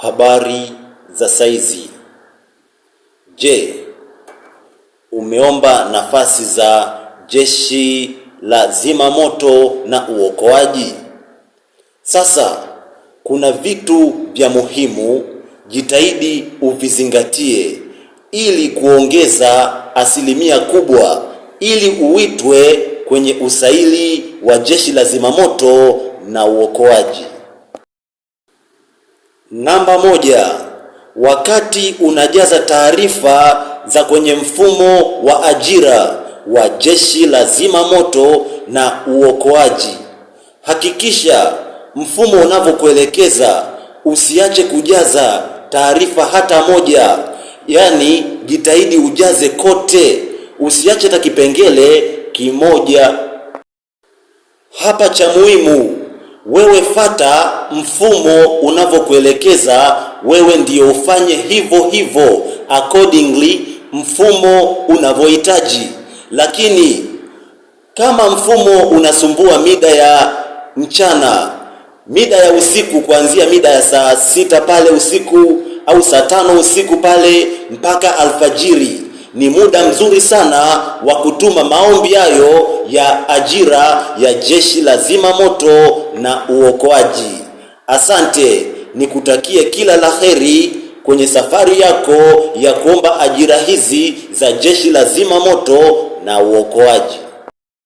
Habari za saizi. Je, umeomba nafasi za jeshi la zimamoto na uokoaji? Sasa kuna vitu vya muhimu, jitahidi uvizingatie ili kuongeza asilimia kubwa, ili uitwe kwenye usaili wa jeshi la zimamoto na uokoaji. Namba moja, wakati unajaza taarifa za kwenye mfumo wa ajira wa Jeshi la Zimamoto na Uokoaji, hakikisha mfumo unavyokuelekeza usiache kujaza taarifa hata moja, yaani jitahidi ujaze kote, usiache hata kipengele kimoja. Hapa cha muhimu wewe fata mfumo unavyokuelekeza wewe, ndiyo ufanye hivyo hivyo accordingly mfumo unavyohitaji. Lakini kama mfumo unasumbua mida ya mchana, mida ya usiku, kuanzia mida ya saa sita pale usiku au saa tano usiku pale mpaka alfajiri ni muda mzuri sana wa kutuma maombi hayo ya ajira ya Jeshi la zima moto na uokoaji. Asante, nikutakie kila la heri kwenye safari yako ya kuomba ajira hizi za jeshi la zimamoto na uokoaji.